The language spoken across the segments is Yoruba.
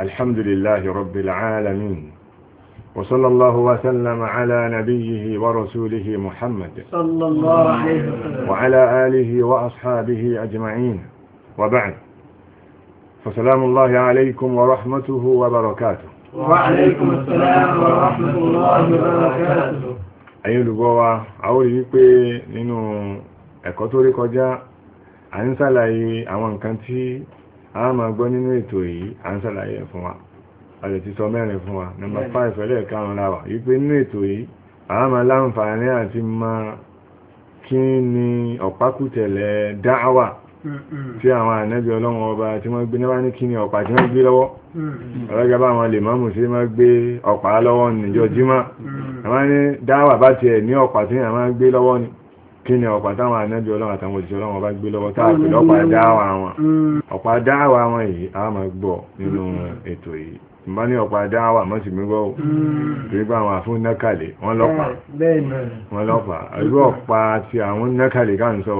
الحمد لله رب العالمين وصلى الله وسلم على نبيه ورسوله محمد صلى الله عليه وعلى آله وأصحابه أجمعين وبعد فسلام الله عليكم ورحمته وبركاته وعليكم السلام ورحمة الله وبركاته أيها الأخوة أولي بي نينو ẹ̀kọ́ tó rí kọjá à ń a máa gbọ́ nínú ètò yìí à ń sàlàyé ẹ̀ fún wa a sọ mẹ́rin fún wa nọmba five ẹlẹ́ karùn-ún la wà wípé nínú ètò yìí a máa láǹfààní àti máa kí ni ọ̀pákùtẹ̀lẹ̀ dáhàwà tí àwọn ànábì ọlọ́run ọba tí wọ́n gbé níwá ní ni ọ̀pá tí wọ́n gbé lọ́wọ́ ọlọ́gá bá àwọn lè mọ́mù sí máa gbé ọ̀pá lọ́wọ́ níjọ́ jímọ̀ àwọn ní dáwà bá tiẹ̀ ní ọ̀pá tí wọ́n gbé lọ́wọ́ ni kí ni ọ̀pá táwọn ànábì ọlọ́run àtàwọn òṣìṣẹ́ ọlọ́run ọba gbé lọ́wọ́ tá a pè lọ́pá dáwà wọn ọ̀pá dáwà wọn yìí a máa gbọ́ nínú ètò yìí bá ní ọ̀pá dáwà mọ́ sí gbígbọ́ torí pé àwọn àfún nákàlẹ̀ wọ́n lọ́pàá wọ́n lọ́pàá irú ọ̀pá tí àwọn nákàlẹ̀ ká ń sọ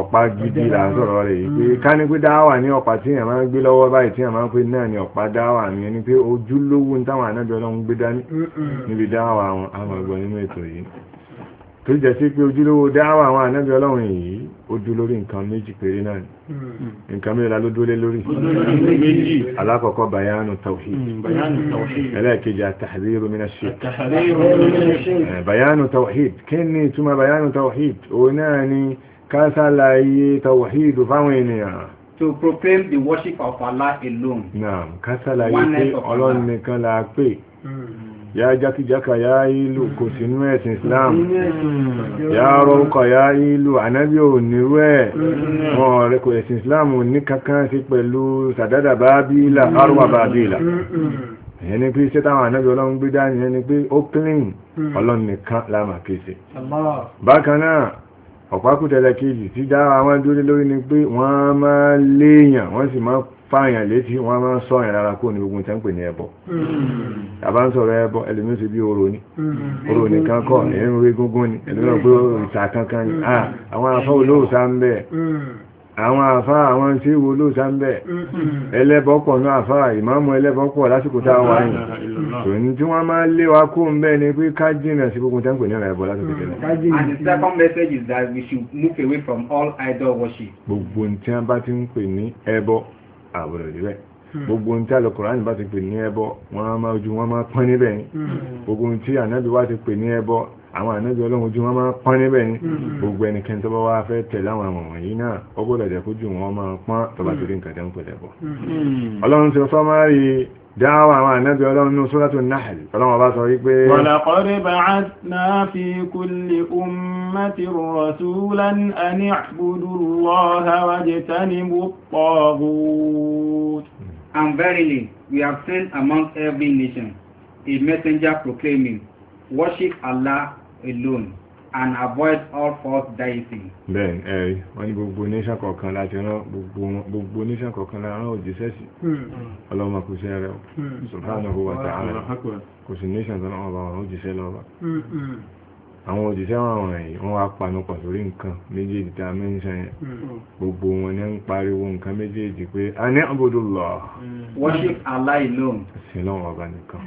ọ̀pá gidi là ń sọ̀rọ̀ rẹ̀ mm. pé ká ní pé dáwà ní ọ̀pá tí èèyàn máa ń gbé lọ́wọ́ báyìí tí èèyàn máa ń pè náà ní ọ̀pá dáwà ní ẹni pé ojúlówó táwọn ànábì ọlọ́run gbé dání níbi dáwà wọn a máa nínú ètò yìí tó jẹ́ sí pé ojúlówó dáwà àwọn ànábì ọlọ́run yìí ó dú lórí nǹkan méjì péré náà ni hmm. nǹkan mẹ́rẹ̀lá ló dúró lé lórí alákọ̀ọ́kọ́ bayanu tawhid hmm, ẹlẹ́ẹ̀kejì àtàríru mina shirk hmm, eh, bayanu tawhid kí ni ìtumọ̀ bayanu tawhid òun náà ni kásálàyé tawhid fáwọn ènìyàn to proclaim the worship of Allah alone. Naam, kásálàyé pé ọlọ́run nìkan la pè ya jaki jaka ya ilu kò sínú ẹ̀sìn islam ya rọ́kọ̀ ya ilu anábí ò nírú ẹ̀ wọ́n rẹ̀ kò ẹ̀sìn islam ní kankan sí pẹ̀lú sàdádà bábílà arúwà bábílà mm-hmm. ìyẹn ni pé iṣẹ́ táwọn anábí ọlọ́run gbé dání ìyẹn ni pé ó clean mm-hmm. ọlọ́run nìkan láàmà kése bákan náà ọ̀pákùtẹ̀lẹ̀ kejì tí dára wọn dúró lórí ni pé wọ́n máa léèyàn wọ́n sì máa fáyàn létí wọ́n máa ń sọ ìrìn ara kúrò ní ogun tẹ́ ní ẹbọ àbá hmm. ń sọ̀rọ̀ ẹbọ ẹlòmí sí bí oró ní hmm. oró nìkan kọ́ ẹ̀yìn orí gúngún ni ẹlòmí pé ìta kankan ni ah, hmm. àwọn afá olóòsà ń bẹ àwọn afá àwọn tí wo olóòsà ń bẹ ẹlẹ́bọ pọ̀ náà afá ìmáàmù ẹlẹ́bọ pọ̀ lásìkò tá a wà the second message is that we should move away from all idol worship. ẹbọ àbúrò ìbẹ̀ hmm. gbogbo ohun tí alùkùránì bá ti pè ní ẹbọ wọ́n máa ojú wọn máa pọ́n níbẹ̀ ni hmm. gbogbo ohun tí ànábì wá ti pè ní ẹbọ àwọn ànábì ọlọ́run ojú wọn máa pọ́n níbẹ̀ ní hmm. gbogbo ẹnikẹ́ni tó bá wá fẹ́ tẹ̀lé àwọn àwọn wọ̀nyí náà ó gbọ́dọ̀ jẹ́ kójú wọn máa pọ́n tó torí nǹkan dẹ́kun pẹ̀lẹ́ bọ̀ hmm. ọlọ́run ti sọ́mọ́rì dáwà àwọn ànábì ọlọ́run ní sóràtù náà ọlọ́run ọba sọ wípé And verily, we have sent among every nation a messenger proclaiming, Worship Allah alone and avoid all false dieting. bẹ́ẹ̀ ẹ wọ́n ní gbogbo nation kọ̀ọ̀kan láti rán gbogbo nation kọ̀ọ̀kan láti rán òjíṣẹ́ sí hmm. ọlọ́mọ kò ṣe rẹ o hmm. subhanahu wa ta'ala kò sí nation tó náà bá wọn òjíṣẹ́ lọ́wọ́ hmm, àwọn òjíṣẹ́ wọn àwọn ẹ̀yìn wọ́n wá panupọ̀ sórí nǹkan méjèèjì tá a mẹ́ńṣẹ́ yẹn gbogbo wọn ní ń pariwo nǹkan méjèèjì pé a ní abudullah worship Allah alone sílọ́wọ́ ọba nìkan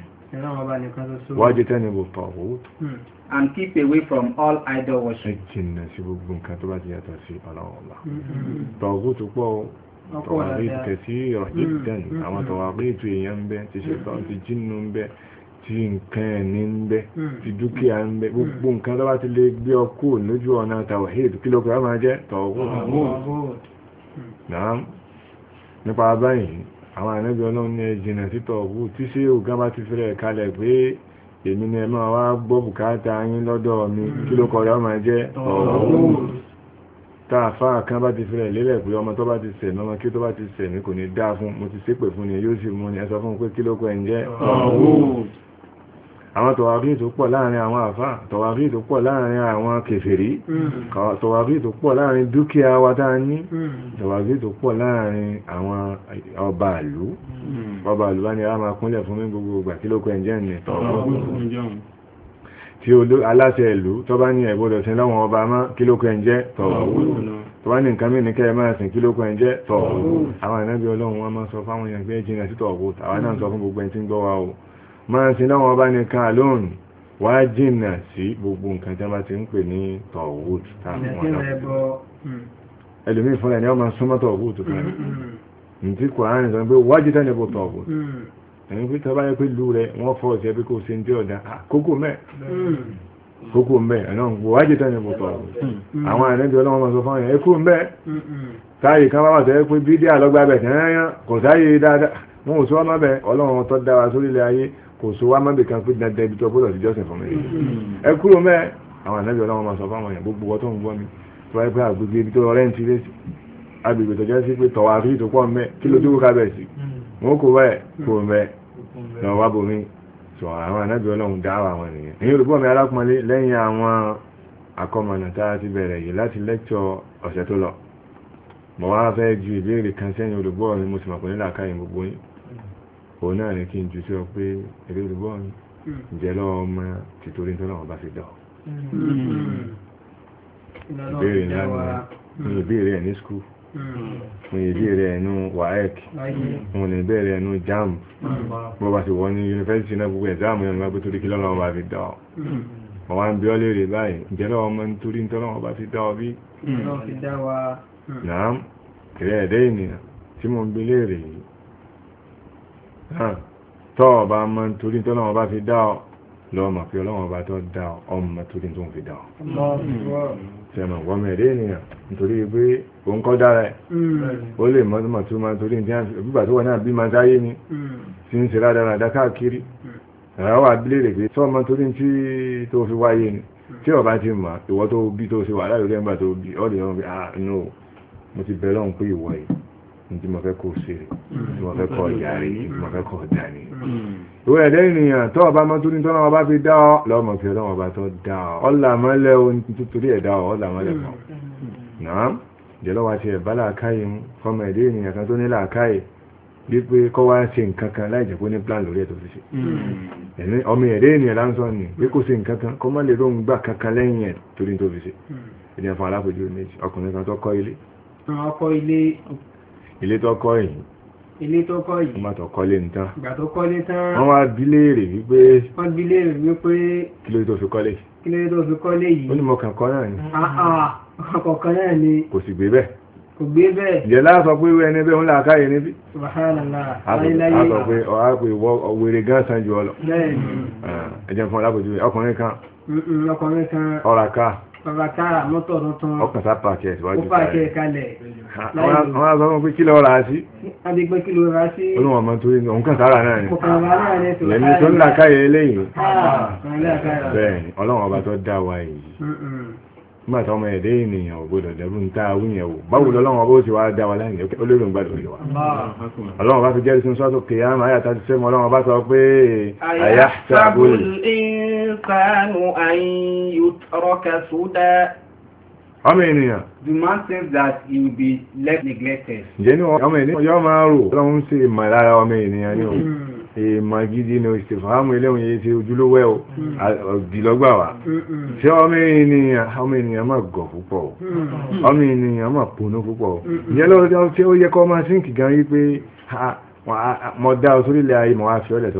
wájú tẹ́ni bò tọ̀wọ́ and keep away from all idol worship. ẹ jìnnà sí gbogbo nǹkan tó bá ti yàtọ̀ sí ọlọ́run ọba. Mm-hmm. tọ̀gù tó pọ̀ tọ̀wárí kẹsí rọ̀jẹ̀ mm-hmm. dẹ́n mm-hmm. àwọn tọ̀wárí ètò èèyàn ń bẹ ti ṣètọ́ ti jìnnú ń bẹ ti nǹkan ẹni ń bẹ ti dúkìá ń bẹ gbogbo nǹkan tó bá ti lè gbé ọ kúrò lójú ọ̀nà tàwáhídì kí ló kọ́ máa jẹ́ tọ̀gù nípa báyìí àwọn ànábì èmi ni ẹ máa wá gbọ́ bùkátà yín lọ́dọ̀ mi hmm. kí ló kọ̀ọ̀rọ̀ máa jẹ́ tààfà kan bá ti fẹ́rẹ̀ lélẹ̀ pé ọmọ tó bá ti sẹ̀ mọ́mọ́ kí tó bá ti sẹ̀ mí kò ní dáa fún mo ti ṣépè fún ni yóò sì mú ni ẹ sọ fún pé kí ló kọ ẹ̀ ń jẹ́ àwọn tọ̀wàrí tó pọ̀ láàrin àwọn àfá tọ̀wàrí tó pọ̀ láàrin àwọn kèfèrí tọ̀wàrí hmm. tó pọ̀ láàrin dúkìá wa tá ní tọ̀wàrí hmm. tó pọ̀ láàrin àwọn hmm. ọba ìlú bá ní a máa kúnlẹ̀ fún mi gbogbo ìgbà kí ló kọ ẹ̀jẹ́ ni tí aláṣẹ ìlú tó bá ní ẹ̀gbọ́dọ̀ sí lọ́wọ́n ọba má kí ló kọ ẹ̀jẹ́ tó bá ní nǹkan mí ní kẹ́ ẹ máa sìn kí ló kọ ẹ̀jẹ́ tọ̀wọ̀ àwọn ìnábí ọlọ́run wọn máa sọ fáwọn èèyàn pé jìnà sí tọ̀wọ̀ àwọn wa máa sin lọ́wọ́ ọba nìkan lónìí wá jìnnà sí gbogbo nǹkan tí a bá ti ń pè ní tọ̀wùd ẹlòmíì fúnra ni wọ́n máa súnmọ́ tọ̀wùd kan ntí mm-hmm. kòránì sọ pé wájú tẹ́lẹ̀ bó tọ̀wùd ẹ̀yìn pé tọ́ba yẹ pé lù rẹ wọ́n fọ́ ọ̀sẹ̀ pé kò ṣe ah, ń dé ọ̀dà mm-hmm. kókó mẹ́ kókó mẹ́ ẹ̀nà wájú tẹ́lẹ̀ bó tọ̀wùd àwọn àrẹ́bí ọlọ́wọ́n máa sọ fún ẹ̀ kó mẹ́ táyì kan bá tẹ́ pé bídíà lọ́gbà bẹ̀ tẹ́yán kò táyì dáadáa wọn ò sọ ọmọ bẹ dára sórílẹ̀ ayé kò sí wá mọ́bì kan pé dandan ibi tó gbọ́dọ̀ ti jọ́sìn fún mi ẹ kúrò mẹ́ àwọn ànábì ọlọ́wọ́n máa sọ fún àwọn èèyàn gbogbo ọtọ́ ń gbọ́ mi tó wáyé pé àgbègbè ibi tó rẹ́ ń ti lé sí agbègbè tó jẹ́ sí pé tọ̀wá fi tó pọ̀ mẹ́ kí ló dúró kábẹ̀ sí wọn kò wáyé kò mẹ́ lọ wá bomi sọ àwọn ànábì ọlọ́wọ́n dá àwọn ènìyàn èyí olùkọ́ mi alákùnmọ́lé lẹ́yìn àwọn akọ́mọ̀nà tá a ti bẹ̀rẹ̀ yìí láti lẹ́kṣọ̀ ọ̀sẹ̀ tó lọ mo wá fẹ́ ju ìbéèrè kan sẹ́yìn olùgbọ́ mi mo sì mọ̀ pé nílà káyìn gbogbo yín òun náà ní kí n ju sí ọ pé èrè olùgbọ́ mi hmm. ǹjẹ́ lọ́wọ́ ọmọ tìtorí nítorí ọ̀bá fi dọ̀ hmm. hmm. ìbéèrè ńlá ní ìbéèrè ẹ̀ ní skul mo lè béèrè ẹnu waec mo lè béèrè ẹnu jam bó bá ti wọ́n ní yunifásitì náà gbogbo ẹ̀dá àmúyàn lọ́gbé torí kí lọ́lọ́wọ́ bá fi dọ̀ wọ́n wá ń bí ọ́ léèrè báyìí ǹjẹ́ lọ́wọ́ ọmọ nítorí nítorí bá fi dọ̀ bí náà kìrẹ́ ènìyàn tí mo ń bí léèrè yìí tọ́ ọba mọ́ torí tó lọ́wọ́ bá fi dá ọ lọ́mọ pé ọlọ́wọ́ bá tọ́ dá ọmọ torí tó ń fi dá ọ wọ́mọ̀ èdè ènìyàn nítorí pé òun kọ́ dára hmm. ó lè mọ́tọ́mọ̀ tó máa torí ní ìgbà wọ́n náà bí máa sáyé ni hmm tí mo fẹ́ kó ṣe tí mo fẹ́ kọ́ ìyá rẹ̀ tí mo fẹ́ kọ́ ọ̀dà ni. ìwé ẹ̀dẹ́ ènìyàn tó ọba mọ́ tó ní tọ́lọ́wọ́ bá fi dá ọ lọ́mọ fi ọlọ́wọ́ bá tó dá ọ ọ̀là mọ́lẹ̀ ohun títorí ẹ̀dá ọ ọ̀là mọ́lẹ̀ mọ́. Mm. náà ìjọlọ́wọ́ ti ẹ̀bá làákàyè mu fọmọ ẹ̀dẹ́ ènìyàn kan tó ní làákàyè wípé kọ́ wá ṣe nǹkan kan láì jẹ́ pé ní plan lórí ẹ̀tọ́ ṣíṣe mm. ọmọ ẹ̀dẹ́ ènìyàn lásán ni pé kò ṣe nǹkan kan kọ́ má lè róhun gbà kankan lẹ́yìn ẹ̀ torí tó fi ṣe mm. ẹ̀dẹ̀ fún alápòjú méjì ọkùnrin kan tó kọ́ ilé. ọkọ̀ ilé ilé tó kọ́ yìí ilé tó kọ́ yìí ìgbà tó kọ́lé ń tán ìgbà tó kọ́lé tán wọ́n wá bi léèrè wípé wọ́n bi léèrè wípé kí ló tó fi kọ́lé kí ló tó fi kọ́lé yìí ó ní mo kàn kọ́ náà ni ọkọ̀ọ̀kan náà ni kò sì gbé bẹ́ẹ̀ kò gbé bẹ́ẹ̀ jẹ́ láàsọ pé wẹ́ ẹni bẹ́ẹ̀ ń là káyẹ níbí àtọ̀ pé ọ̀há pé wèrè gán san jù ọ lọ ẹ̀jẹ̀ fún ọlápẹ̀jú bàbá kára mọ́tò tuntun ọkàn sápà kẹ síwájú káyẹ ó pàkẹ kalẹ̀ wọ́n á sọ fún pé kí lọ́ọ́ ra sí. adé pé kí lọ́ọ́ ra sí. olùwọ̀n ọmọ tó yẹn òun kàn sára náà ni. kòkòrò náà ni tòun. lẹ́ni tó ń là káyẹ eléyìí. Ah, bẹ́ẹ̀ ọlọ́run ọba tó dá wa yìí nígbà tó ẹ̀dẹ́ ènìyàn ò dẹ̀rù ń tá awú yẹn báwo lọ́wọ́ bó ti wá dá wa láyìn olórí ògbà ọlọ́wọ́ bá fi jẹ́ sínú sọ́tò kìyà máa yà tàbí ọlọ́wọ́ bá sọ pé àyà sábòlì. ọmọ ènìyàn. man think that he will be left neglected èèmọ̀ gidi ni ìsìfàámù iléhùn yìí ti ojúlówó òdìlọ́gbà wa tí ọmọ ènìyàn ọmọ ènìyàn máa gọ̀ púpọ̀ ọmọ ènìyàn máa ponú púpọ̀ ìyẹn lọ́wọ́ tí ó yẹ kọ́ máa sínkì gan yí pé mo dá ọ sórílẹ̀ ayé mo wá fi ọ̀lẹ̀ tó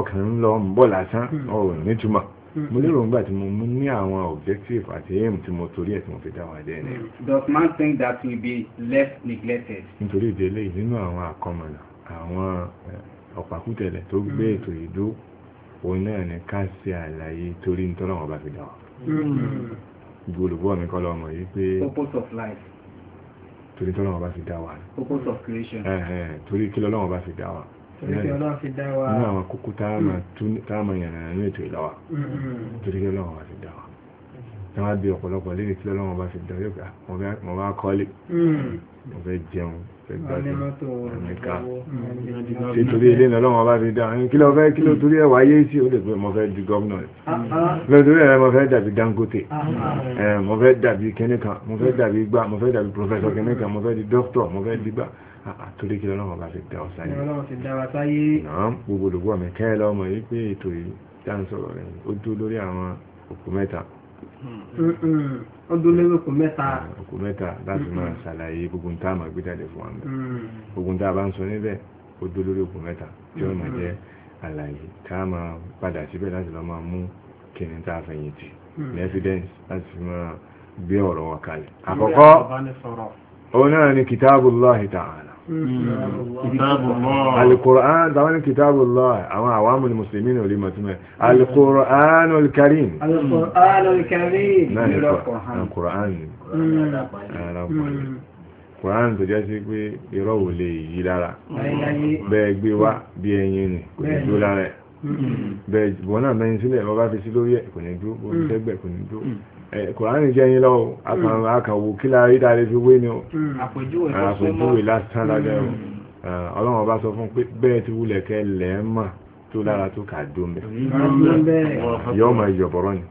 ọkùnrin ń lọ bọ̀ lásán ọ̀rọ̀ nítumọ̀ mo lérò ń tí mo mú ní àwọn objective àti aim tí mo torí ẹ̀ tí mo fi dá wa dé ní. Does man think that will be left neglected? nítorí ìdílé nínú àwọn àkọmọ̀nà àwọn ọ̀pàkùtẹ̀lẹ̀ tó gbé hmm. ètò ìdó òun náà ni ká ṣe àlàyé torí nítọ́lọ́wọ́ bá fi dà wá hmm. olùgbọ́ mi kọ́ lọ́mọ yìí pé purpose of life torí tọ́lọ́wọ́ bá fi dá wa purpose of creation torí kí lọ́lọ́wọ́ bá fi dá wa torí kí lọ́lọ́wọ́ fi dá wa àwọn kókó hmm. tá a máa yànnà nínú ètò ìlọ́wà torí kí lọ́lọ́wọ́ bá fi dá tí wọ́n bí ọ̀pọ̀lọpọ̀ lè kí lọ́wọ́ bá fi dán yóò gbà ah, mo bá kọ́lé hmm. mo fẹ́ jẹun fẹ́ gbádùn àmìká tí hmm. torí ilé náà lọ́wọ́ bá fi dán ní kí lọ fẹ́ kí ló torí ẹ̀wà ayé sí ó lè pé mo fẹ́ di gómìnà ah, ah. lọ torí ẹ̀rẹ́ mo fẹ́ dàbí Dangote eh, mo fẹ́ dàbí kẹ́nìkan mo fẹ́ dàbí gbá mo fẹ́ dàbí pòfẹ́sọ̀ kẹ́nìkan mo fẹ́ di dókítọ̀ mo fẹ́ di gbá torí kí lọ́wọ́ bá fi dá ọ sáyé gbogbo olùgbọ́ mi kẹ́ lọ́mọ pé ètò yìí rẹ̀ ó dúró lórí àwọn òkú mẹ́ta Mm, mm. ọdún lérò kò mẹta kò mẹ́ta láti máa ṣàlàyé gbogbo tá a máa gbé jáde fún wa mẹ́ mm. tá a bá ń sọ níbẹ̀ ó dó lórí okùn mẹ́ta tí ó máa jẹ́ àlàyé tá a máa padà síbẹ̀ láti lọ máa mú kìnìún tá a fẹ̀yìntì ní evidence láti fi máa gbé ọ̀rọ̀ wa kalẹ̀. ta'ala Mm-hmm. alukur'an tàwọn ní kitabullah àwọn àwàmù ni mùsùlùmí ní orí mọ̀túnmẹ́ alukur'an olùkarim alukur'an olùkarim náà ní alukur'an ní tó jẹ́ sí pé irọ́ bẹ́ẹ̀ ìbọn náà náà sílẹ̀ fi sí lórí ẹ̀ kò ní dúró wọ́n fi mm. sẹ́gbẹ̀ kò ní dúró mm. kòránì jẹ́ yín lọ́wọ́ akàwò mm. kí láàrí dáre fi wé ni o àpòjúwe ah, lásán lábẹ́ ọ ah, ọlọ́run ọba sọ fún pé bẹ́ẹ̀ ti wulẹ̀ kẹ́ lẹ́ẹ̀mà tó lára tó kà dó mẹ́ yọ ọmọ ìyọ̀bọ̀rọ̀ ni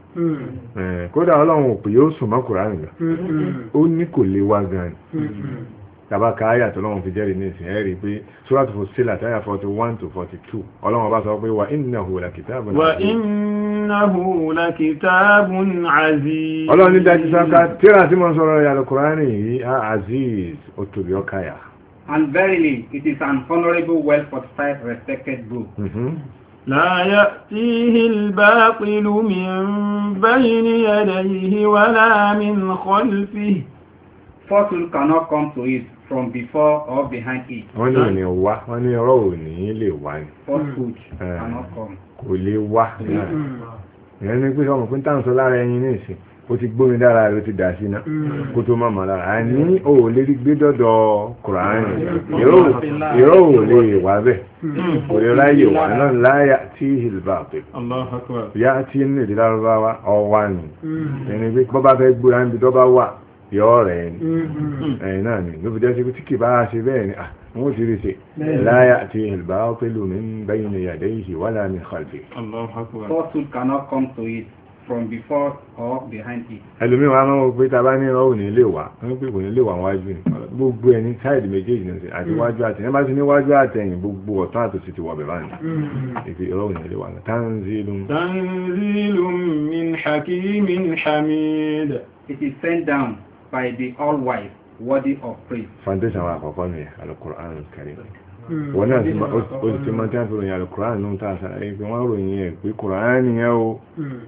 kódà ọlọ́run òpè yóò sùn mọ́ kòránì gan ó ní kò lè wá gan ni. tàbákà ayà tó lọ́wọ́n fi jẹ́rìí ní ìsìn ẹ̀rí pé Suratu Fussilat àtàyà 41 42 ọlọ́wọ́n bá sọ pé wà innahu lakitabun wa innahu ọlọ́wọ́n ní dájú sáká tíra tí mo sọ̀rọ̀ yàrá kùránì yìí aziz ó ọkàyà. and verily it is an honourable well fortified respected book. Mm-hmm. لا يأتيه الباطل من بين from before or behind it. wọ́n ní òní wá wọ́n ní ọ̀rọ̀ òní lè wá ni. falsehood hmm. hmm. cannot come. kò lè wá náà hmm. ìyẹn ni pé ọmọ pé ń tàn sọ lára ẹyin ní ìsìn ó ti gbómi dára rẹ̀ ó ti dà sí iná kó tó máa mọ̀ lára àní ò lè rí gbé dọ́dọ̀ kùránì ìró ò lè wà bẹ́ẹ̀ kò lè ráyè wà náà láyà tí ìlbà pé yá tí ní ìdílárúbáwá ọwá ni ẹni pé bọ́bá fẹ́ gbóra níbi tó bá wà yọ́ ni mm-hmm. ẹ̀yìn náà ni ló fi jẹ́ sí tí kì bá ṣe bẹ́ẹ̀ ni wọ́n ti rí ṣe láyà àti ìlbà pẹ̀lú mi ń bẹ́yìn ní yàdé yìí wà láàmì khalfi. fortune cannot come to it from before or behind it. máa ń pè tá ní ọ̀hún ní ilé wa wọ́n pè kò ní ilé wa wájú ni gbogbo ẹni sáìdì méjèèjì ní àti mm. wájú àtẹ̀yìn bá ti ní wájú àtẹ̀yìn gbogbo ọ̀tún àtòsí ti wọ̀ bẹ̀ báyìí mm. it is sent down by the all-wise worthy of praise. foundation wa àkọ́kọ́ ni alukur'an karim wọ́n hmm. náà ó ti máa tí a fi ròyìn alukur'an ní ta sáré pé wọ́n ròyìn ẹ̀ pé kur'an yẹn o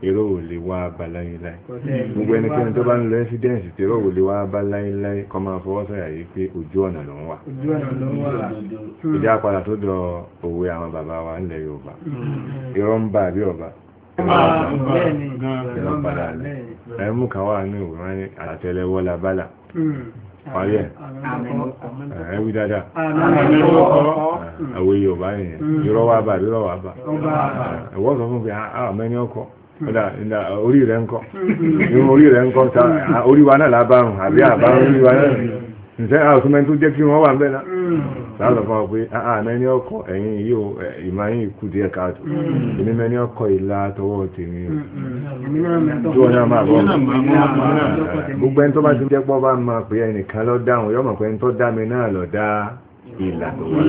èrò hmm. ò lè wá bá láyéláyé gbogbo ẹnikẹ́ni tó bá ń lọ ẹ́sídẹ́ǹsì tí èrò ò lè wá bá láyéláyé kọ́ máa fọwọ́ sọ̀yà yìí pé ojú ọ̀nà ló ń wà ìjà hmm. padà tó dọ̀ òwe àwọn bàbá wa ńlẹ̀ Yorùbá irọ́ ń bà bí ọba irọ́ ń bà lẹ́ ẹmú kan wà ní ìwé wọn àtẹ́lẹwọ́ labálà hmm. parí ẹ̀ ẹwí dáadáa àwọn èyí ọba nìyẹn ìrọwà bá ìrọwà bá ẹwọ́ sọ fún pé àmẹ́ni ọkọ̀ orí rẹ̀ ń kọ́ hmm. orí rẹ̀ ń kọ́ orí wa náà lábárùn àbí àbárùn orí wa náà ǹsẹ́ àtúmẹ́ tó jẹ́ kí wọ́n wà ń bẹ́ náà lálọ́ fún ọ pé àà mẹ́ni ọkọ̀ ẹ̀yìn yíò ìmáyín ìkú díẹ̀ káàtó hmm. èmi mẹ́ni ọkọ̀ ìlà tọwọ́ tèmi hmm, hmm. tí wọ́n náà máa bọ́ gbogbo ẹni tó bá ti jẹ́ pọ́ bá máa pé ẹnìkan lọ dáhùn yọ́mọ̀ pé ẹni tó dá mi náà lọ dá ìlà tó wà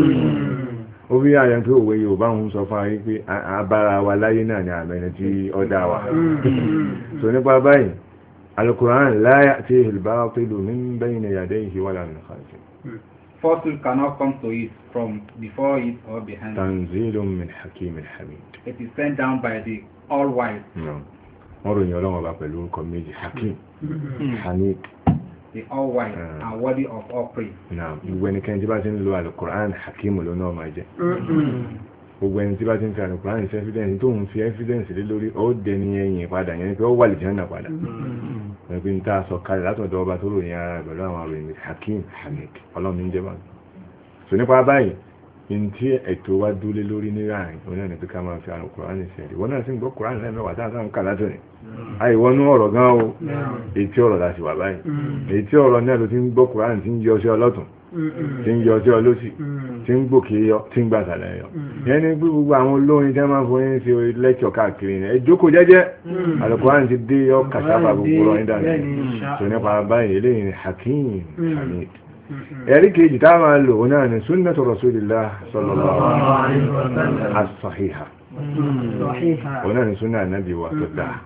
ó bí àyẹ̀ pé òwe Yorùbá ń sọ fún ayé pé abára wa láyé náà ni àmẹ́ni tí ọ dá wa sọ nípa báyìí القرآن لا يأتيه الباطل من بين يديه ولا من خلفه. min hmm. cannot come to it from before it or behind it. Tanzilun min Hakim al It is sent down by the All-Wise. Wọ́n ròyìn ọlọ́run ọba pẹ̀lú nǹkan méjì Hakim, hmm. Hamid. The All-Wise uh, ah. and worthy of all praise. Ìwé ni kẹ́ńtí bá ti ń lo Al-Quran Hakim ló náà máa jẹ́. Hmm gbogbo ẹni tí bá ti ń fi àlùkùránì sí evidence tó ń fi evidence lé lórí ó dẹni ẹyìn padà yẹn pé ó wà lè jẹ́nà padà ẹgbẹ́ ní táà sọ kalẹ̀ látọ̀dọ̀ ọba tó ròyìn ara pẹ̀lú àwọn àròyìn hakim hamid ọlọ́run ń jẹ́ bá so nípa báyìí ntí ẹ̀tọ́ wa dúlé lórí ní ráàrin òun náà ní pé ká máa fi àrùn kùránì sẹ́ẹ̀dì wọ́n náà sì ń gbọ́ kùránì lẹ́mẹ̀wàá tá à ń kà látòní hmm. àìwọ́nú gan o ètí hmm. ọ̀rọ̀ láti wà báyìí ètí hmm. ọ̀rọ̀ náà ló ti ń gbọ́ kùránì tí ń yọ sí ọlọ́tún tí ń yọ sí ọlọ́sì tí ń gbòkè yọ tí ń gbàsàlẹ̀ yọ yẹn ní pé gbogbo àwọn olórin tí wọ́n máa fún yín ṣe lẹ́kọ̀ọ́ káàkiri ni ẹ jókòó jẹ́jẹ́ àlùkùránì ti dé yọ kàṣàbà gbogbo ọ̀rọ̀ yín dànù tò nípa báyìí eléyìí ni hakeem hamid ẹ̀rí kejì tá a máa lò náà ni sunnatu rasulillah sallallahu alaihi wasallam as-sahiha ọ̀nà ni súnà ànábì wa tó dáa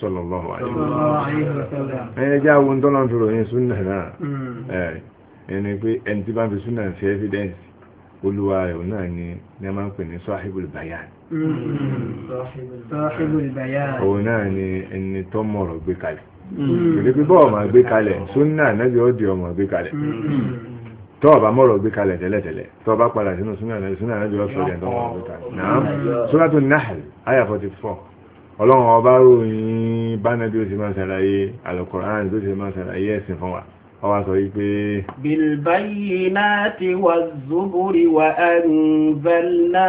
sallallahu alaihi wasallam ẹ̀yẹ jẹ́ àwọn tọ́nà fi ròyìn súnà náà hmm. ẹni pé ẹni tí bá fi súnà fi evidence olúwa rẹ̀ ọ̀nà ni ní kìdí pípọ́ ọmọ gbé kalẹ̀ súnà nẹ́bí ó di ọmọ gbé kalẹ̀ mm. tọ́ọ̀bá mọ́rọ̀ gbé kalẹ̀ tẹ́lẹ̀tẹ́lẹ̀ tọ́ọ̀bá padà sínú súnà nẹ́bí ó sọ̀rọ̀ ẹ̀dọ́ ọmọ gbé kalẹ̀ náà sùrátù Nahl àyà 44 ọlọ́run ọba ròyìn bá nẹ́bí ó ti máa ṣàlàyé Al-Qur'an tó ti máa ṣàlàyé ẹ̀sìn fún wa ọwá sọ wípé bilbayyinati wazzuburi wa anzalna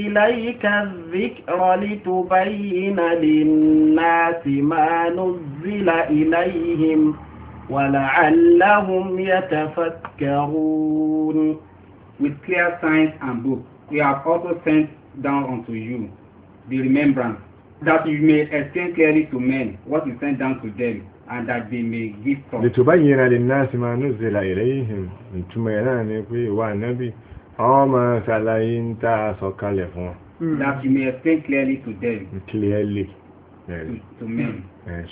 ilayka dhikra litubayyina linnasi ma nuzzila ilayhim wa yatafakkarun With clear signs and books, we have also sent down unto you the remembrance, that you may explain clearly to men what is sent down to them and that they may give from. litubayyana linnasi ma nuzila ilayhim ìtumọ̀ yẹn náà ni pé ìwà ànábì àwọn máa ṣàlàyé ń tá sọ kalẹ̀ fún wọn. Hmm. that you may explain clearly to them. clearly. to, men.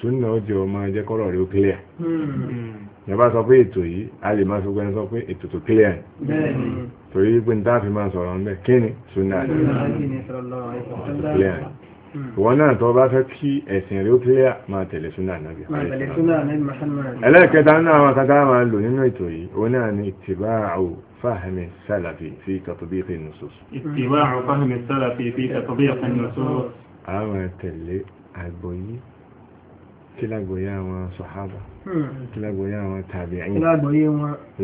ṣùnà ó jẹ́ ọmọ ẹjẹ́ kọ́rọ̀ rí ó clear. Hmm. yàbá sọ pé ètò yìí a lè máa sọgbẹ́ni sọ pé ètò tó clear. torí pé n tá a fi máa sọ̀rọ̀ ń bẹ̀ kí ni ṣùnà. clear. Hmm. wọn náà tó bá fẹ́ kí ẹ̀sìn rí ó kílẹ̀ máa tẹ̀lé súnà nàbí ẹlẹ́ẹ̀kẹta náà àwọn akátá máa lò nínú ètò yìí ó náà ní ìtìbáàrù fáhàmì sálàfì fi tàtúbíkì nùsùs ìtìbáàrù fáhàmì sálàfì fi tàtúbíkì nùsùs àwọn tẹ̀lé àgbọ́yé hmm. kí lágbòyé àwọn sọ̀hábà kí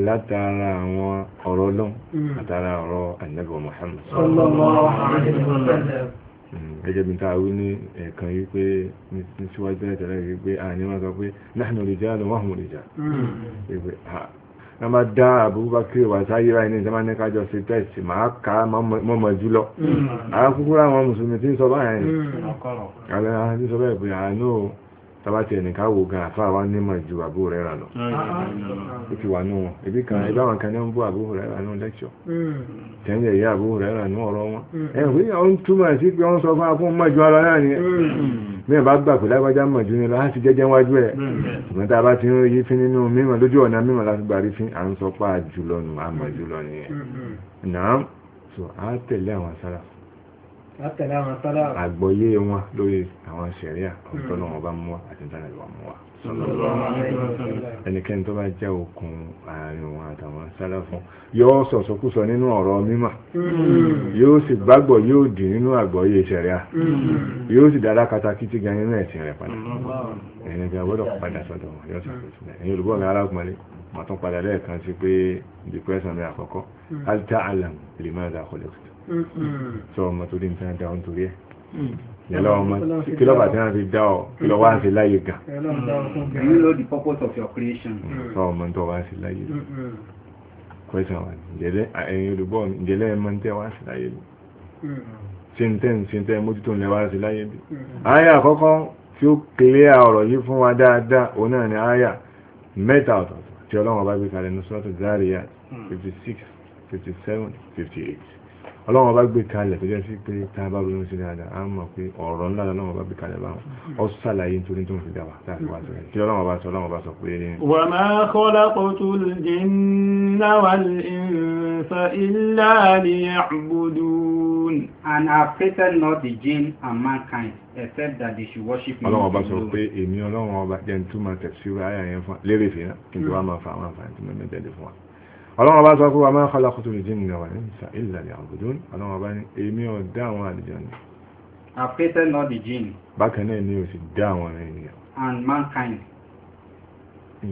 látara àwọn ọ̀rọ̀ lọ́n hmm. àtara ọ̀rọ̀ ànábì Muhammad Mm, gẹ́gẹ́ bí táa wí ní ẹ̀kan wípé ní síwájú ẹ̀tẹ̀lẹ́ wípé a ní wọ́n sọ pé nahnu rijalun wa hum rijal mm. wípé a máa dá Abubakar wà sáyé ráyé ní ìjọba ní kájọ sí tẹ́ẹ̀sì máa ká mọ́mọ́ jùlọ mm. àwọn kúkúrú àwọn mùsùlùmí tí ń sọ báyẹn tàbá ti ẹnìká wo gan àfá wa nímọ̀ ju àbú rẹ̀ rà lọ ó ti wà nù wọn ibi kan ibà wọn kan ní ń bú àbú rẹ̀ rà nù lẹ́kṣọ̀ tẹ́yìn ẹ̀yà àbú rẹ̀ rà nù ọ̀rọ̀ wọn ẹ̀rù pé ó ń túmọ̀ sí pé ó ń sọ fún afún mọ̀ ju ara náà ni mẹ́rin bá gbà pé lágbájá mọ̀ ju ni lọ á ti jẹ́jẹ́ wájú ẹ̀ ṣùgbọ́n tá a bá ti ń yí fín nínú mímọ̀ lójú ọ̀nà mímọ̀ láti gbàrí fín à ń sọ pé àjùlọ nù àmọ̀ jùlọ nìyẹn náà so á tẹ̀lé àwọn sára àgbọ́yé wọn lórí àwọn sẹ̀ríà ọ̀tọ́lọ́ wọn bá mú wa àti ìdánilẹ̀ wọn mú wa ẹnikẹ́ni tó bá jẹ́ okùn àárín wọn àtàwọn sálàfù yóò sọ̀sọ́kúsọ nínú ọ̀rọ̀ mímọ̀ hmm. yóò sì gbàgbọ́ yóò dì nínú àgbọ́yé sẹ̀ríà hmm. yóò sì dára katakítí gan nínú ẹ̀sìn rẹ̀ padà ẹnikẹ́ni gbọ́dọ̀ padà sọ́dọ̀ wọn yóò sọ̀sọ́kúsọ ẹ̀yin olùgbọ́ mi arákùnrin màtún padà lẹ́ẹ̀kan sí pé depression mi àkọ́kọ́ hmm. alta alam lè má dá kọlẹ́kùtù sọ ọmọ tó dé nǹkan dá ohun torí ẹ̀ mm. yẹlọ ọmọ kí lọ́ba tí wọ́n fi dá ọ kí lọ́ wá sí láyé gan. you know the purpose of your creation. Mm. sọ ọmọ tó wá sí láyé kwẹsàn wa ǹjẹ́lẹ́ ẹ̀yin olùgbọ́ ǹjẹ́lẹ́ ẹ̀ máa ń tẹ́ wá sí láyé lọ. ṣèǹtẹ́ ṣèǹtẹ́ mójútó ńlẹ̀ wá sí láyé bí. àyà àkọ́kọ́ tí ó kílẹ̀ ọ̀rọ̀ yìí fún wa dáadáa òun náà ni àyà mẹ́ta ọ̀tọ̀ọ̀tọ̀ tí ọlọ́run ọba gbé kalẹ̀ ní sọ́tò Zariyat mm. fifty six fifty seven fifty eight ọlọ́run ọba gbé kalẹ̀ tó jẹ́ sí pé tá a bá ronú sí dáadáa a mọ̀ pé ọ̀rọ̀ ńlá lọ́wọ́ ọba gbé kalẹ̀ báwọn ọ sàlàyé nítorí tó ń fi dáwà tá a fi wá kí ọlọ́run ọba sọ ọlọ́run ọba sọ pé. wa ma khalaqtul jinna wal insa illa liya'budun. and I created not the jinn and mankind except that they should worship me. ọlọ́run ọba sọ pé èmi ọlọ́run ọba jẹ́ ń túmọ̀ tẹ̀síwáyà yẹn fún lérè fìyà kí n tó wá máa fa ọlọ́run bá sọ pé wà máa ń kọ́lá kùtù lè dín ìnáwó ìsà ìlà ní àbùdún ọlọ́run bá ní èmi ò dá àwọn àlùjànnú. I've created not the jinn. bákan náà ni o sì dá àwọn ènìyàn. and mankind.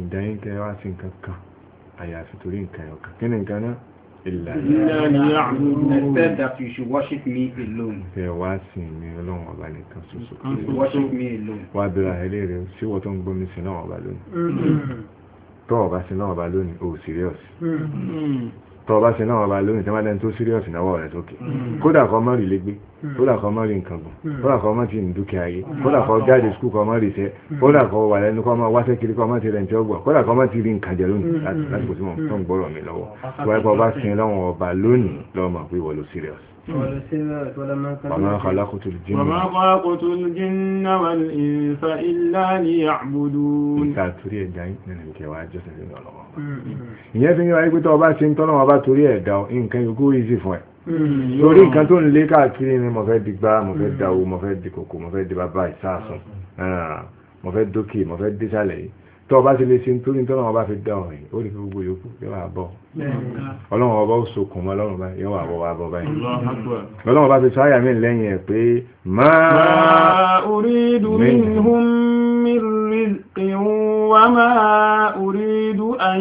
ìdáyín kẹ́ wá sí nǹkan kan àyàfi torí nǹkan ọ̀kan kí ni nǹkan náà. ìlà ní àbùdún. except that you should worship me alone. ẹ wá sí mi ọlọ́run ọba nìkan ṣoṣo. and to worship me alone. wá bẹ̀rẹ̀ àìlè rẹ̀ sí wọ́n tó ń gbómi sí náà ọba lónìí. Mm-hmm tọ́ọ̀bá sí náà bá lónìí ó serious tọ́ọ̀bá sí náà bá lónìí tẹ́mọ́lẹ́ tó serious náwọ́ rẹ̀ tókè mm-hmm. kódà kọ́ mọ́rì lẹ́gbẹ́ kódà kọ́ mọ́rì nǹkan gùn mm-hmm. kódà kọ́ mọ́ ti dúkìá yé mm-hmm. kódà kọ́ jáde skul kọ́ mọ́rì sẹ́ kódà kọ́ wà lẹ́nu kọ́ mọ́ wáṣẹ́ kiri kọ́ mọ́ ti rẹ̀ ní ọgbà kódà kọ́ mọ́ ti rí nǹkan jẹ lónìí láti kò sí mọ̀ tó ń gbọ́rọ̀ mi lọ́wọ́ وما خلقت الجن وما خلقت الجن والإنس إلا ليعبدون ta torí ẹ̀dá nínú ìkẹwàá jọ́sẹ̀ lórí ọlọ́wọ́ ìyẹn fi ń wáyé pé tọ́ọ̀bá ti ń tọ́lọ́ ọba torí ẹ̀dá nǹkan yòókù easy fún ẹ̀ torí nǹkan tó ń lé káàkiri ni mo fẹ́ di gbá mo fẹ́ da owó mo fẹ́ di kòkó mo fẹ́ di bàbá ìsáàsùn mo fẹ́ dókè mo fẹ́ désàlẹ̀ yìí tó bá ti lè ṣe nítorí tó náà fi dá ọ̀rìn ó lè fi gbogbo yòókù yóò wà bọ́ ọlọ́run ọba ó sokùn mọ́ ọlọ́run báyìí yóò wà bọ́ wà bọ́ báyìí ọlọ́run ọba ti sọ àyà lẹ́yìn ẹ̀ pé máa uridu minhum min rizqin wa ma uridu an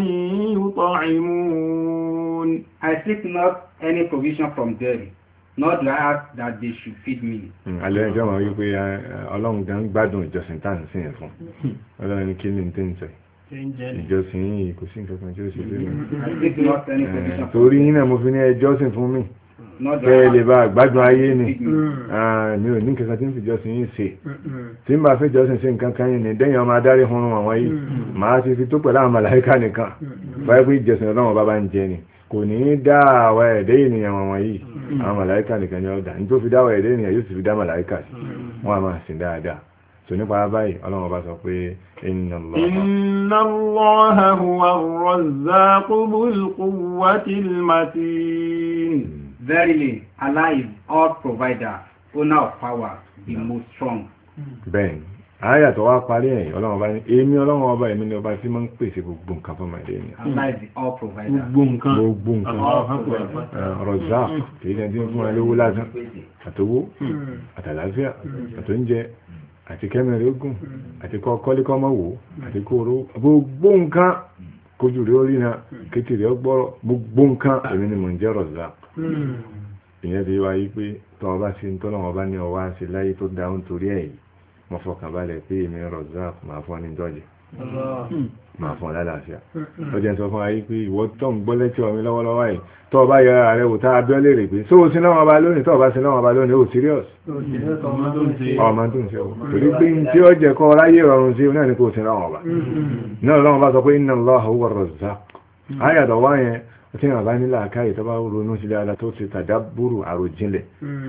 yut'imun I seek not any provision from them not to ask that they should feed me. Hmm, alẹ́ ẹjọ́ máa wípé ọlọ́run gan gbádùn ìjọsìn tá à ń sìn ẹ̀ fún hmm. ọlọ́run ní kí ni n tẹ́ ń sẹ́ ìjọsìn yìí kò sí nǹkan kan tí ó ṣe lé mi eh, torí yín náà mo fi ní ẹjọ́sìn fún mi hmm. kẹ́ ẹ lè bá gbádùn ayé ni ah, mi ò ní kankan tí ń fi jọsìn yìí ṣe tí n bá fẹ́ jọsìn sí nǹkan kan yìí ni dẹ́yìn ọmọ adarí hun àwọn yìí màá ti fi tó pẹ̀lú àwọn màláíkà nìkan báyìí pé ìjọsìn ọlọ́run bá bá ń jẹ ni kò ní dá àwa ẹ̀dẹ́ ènìyàn wọn wọ̀nyí mm. àwọn màláìkà nìkan ni ọ̀dà nítorí fi dá àwa ẹ̀dẹ́ ènìyàn yóò sì fi dá màláìkà sí mm. wọn a máa sìn dáadáa so nípa báyìí ọlọ́run bá sọ pé inna Allaha huwa ar-razzaqu dhul quwwati al-matin mm. verily Allah is all provider owner of power the most strong bẹ́ẹ̀ni àyà tó wá parí ẹ̀yìn ọlọ́run ọba ní èmi ọlọ́run ọba èmi ni ọba tí máa ń pèsè gbogbo nǹkan fún ọmọdé ni. gbogbo nǹkan gbogbo nǹkan ọ̀rọ̀ zá kì í ṣe ẹni fún alówó lásán àtowó hmm. àtàlàáfíà hmm. àtóúnjẹ hmm. àti kẹ́mẹ̀rẹ́ ogun àti kọ́ kọ́lékọ́mọ́wò àti kóró gbogbo nǹkan kojú rẹ̀ orí na kékeré ọgbọ́rọ̀ gbogbo nǹkan èmi ni mò ń jẹ́ ọ̀rọ̀ zá ìyẹn ti wáyé pé tọ́ ọba ṣe ń tọ́lọ́wọ́n ọba ní ọwá ṣe láyé tó dáhùn torí ẹ̀yìn mo fọkàn balẹ̀ pé èmi Razak máa fún ní tọ́jẹ̀ máa fún lálàáfíà ó jẹ́ sọ fún ayé pé ìwọ tó ń gbọ́ lẹ́tí ọmọ lọ́wọ́lọ́wọ́ yìí tó bá yọ ara rẹ wò tá a bí ọ lè rè pé sóò sí náà ọba lónìí tó bá sí náà ọba lónìí ó serious ọmọ tó ń ṣe ọ torí pé tí ó jẹ kọ láyé ọrùn sí náà ni kò sí náà náà lọ́wọ́ bá sọ pé inna Allaha tí wọn bá ní làákàyè tó bá ronú sí dáadáa tó ti tàdábùrù àròjinlẹ̀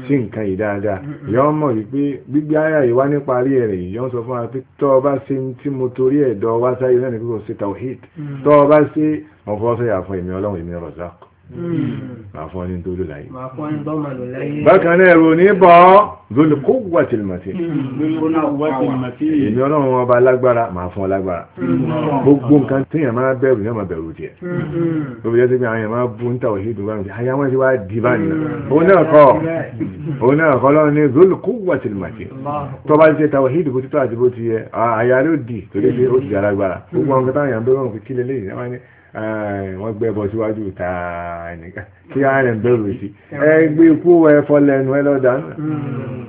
sí nǹkan yìí dáadáa yọ́n mọ̀ wípé gbígbé ayà yìí wá ní parí ẹ̀rẹ̀ yọ́n sọ fún wa pé tọ́ ọba ṣe tí mo torí ẹ̀dọ́ wá sáyé náà ní kókò sí tawhid mm. tọ́ ọba ṣe ọ̀fọ́ sọ yà fún èmi ọlọ́run èmi rọ̀zák máa fún ọ ní tó lò láyé. bákan náà ẹ̀rọ oníbọ̀ zoli kó wà tìlù màtí. èmi ọlọ́run ọba lágbára máa fún ọ lágbára. Hmm. gbogbo nǹkan téèyàn máa bẹ̀rù yẹn máa bẹ̀rù tiẹ̀. Hmm. ó fi jẹ́ síbi àwọn yẹn máa bú níta òṣèlú tó bá mi. àyà wọn ti wá di báyìí. Hmm. òun náà kọ́ òun náà kọ́ lọ́run ní zoli kó wà tìlù màtí. tó bá ti ta òṣèlú bó ti tó àti bó ti yẹ àyà ló di torí pé ó ti wọ́n gbé ẹbọ síwájú ta ẹnìkan kí á rẹ̀ ń bẹ̀rù sí ẹ gbé ikú ẹ fọlẹ́nu ẹ lọ́dà náà hmm.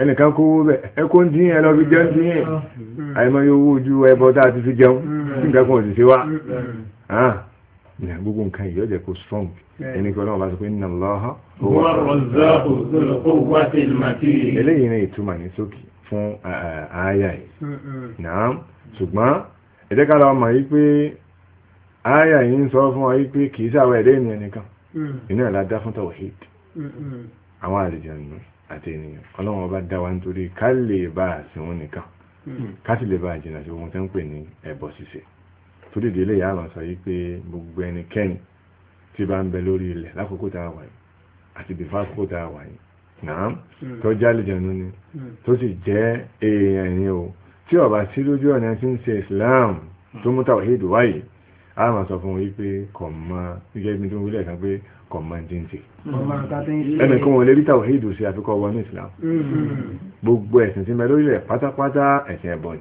ẹnìkan kó owó bẹ̀ ẹ kó ń dín ẹ lọ fi jẹun dín ẹ hmm. àìmọye owó ojú ẹbọ tá a ti fi jẹun tí hmm. nǹkan kan ò sì ṣe wá ah, gbogbo nǹkan yìí ọjọ́ kó strong ẹni kí ọlọ́run bá sọ pé nínú lọ́ha wọ́n rọ̀zá òṣèlú kó wá sí ìlmàtí eléyìí ní ìtumọ̀ ní sókè fún ààyà eh, eh, yìí náà ṣùgbọ́n ẹ̀jẹ̀ ká lọ́ọ́ mọ̀ yí pé àyà yìí ń sọ fún ọ pé kìí sáwọn ẹ̀dẹ́ ènìyàn nìkan mm. iná ìlàdá fún tawhid mm, mm. àwọn àlùjànnú àti ènìyàn ọlọ́run ọba dá wa nítorí ká lè bá àsìn wọn nìkan ká sì lè bá àjìnà sí ohun tó ń pè ní ẹbọ ṣíṣe tó dìde ilé ìyá àmọ́ sọ yìí pé gbogbo ẹnikẹ́ni tí bá ń bẹ lórí ilẹ̀ lákòókò tá a wà yìí àti bìfà àkókò tá a wà yìí náà tó jẹ́ àlùjànnú ni tó sì jẹ́ èèyàn ni o tí ó a máa sọ fún wípé kọ̀mọ́ gẹ́gẹ́ bí tó ń wílẹ̀ kan pé kọ̀mọ́ ti ń tè ẹnì kan wọn lè rí tàwọn èdè òsì àfikọ́ wọn ní Islam mm-hmm. gbogbo ẹ̀sìn tí mẹ́lórí rẹ̀ pátápátá ẹ̀sìn ẹbọ ni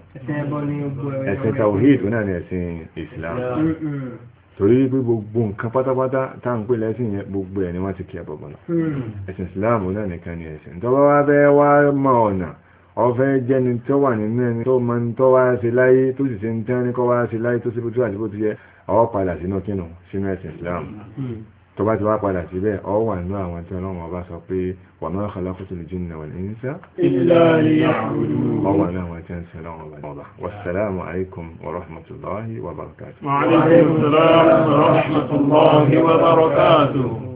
ẹ̀sìn tàwọn èdè náà ni ẹ̀sìn Islam mm-hmm. torí pé gbogbo nǹkan pátápátá tá à ń pè lẹ́sìn yẹn gbogbo ẹ̀ ni wọ́n ti kí ẹbọ bọ̀ náà mm-hmm. ẹ̀sìn Islam náà nìkan ni ẹ̀sìn tọ́wọ́ wá fẹ́ wá mọ ọ̀nà ọfẹ́ jẹ́ni tó wà nínú ẹni tó mọ tó wá ṣe láyé tó sì ṣe ń tẹ́ ní kọ́ wá ṣe láyé tó sí bótú àti bótú yẹ ọ padà sínú kínú sínú ẹ̀sìn Islam hmm. tó bá ti wá padà síbẹ̀ ọ wà nínú àwọn tí Ọlọ́run ọba sọ pé wà máa khalaqtul jinna wal insa illa liya'budun ọ wà nínú àwọn tí Ọlọ́run ọba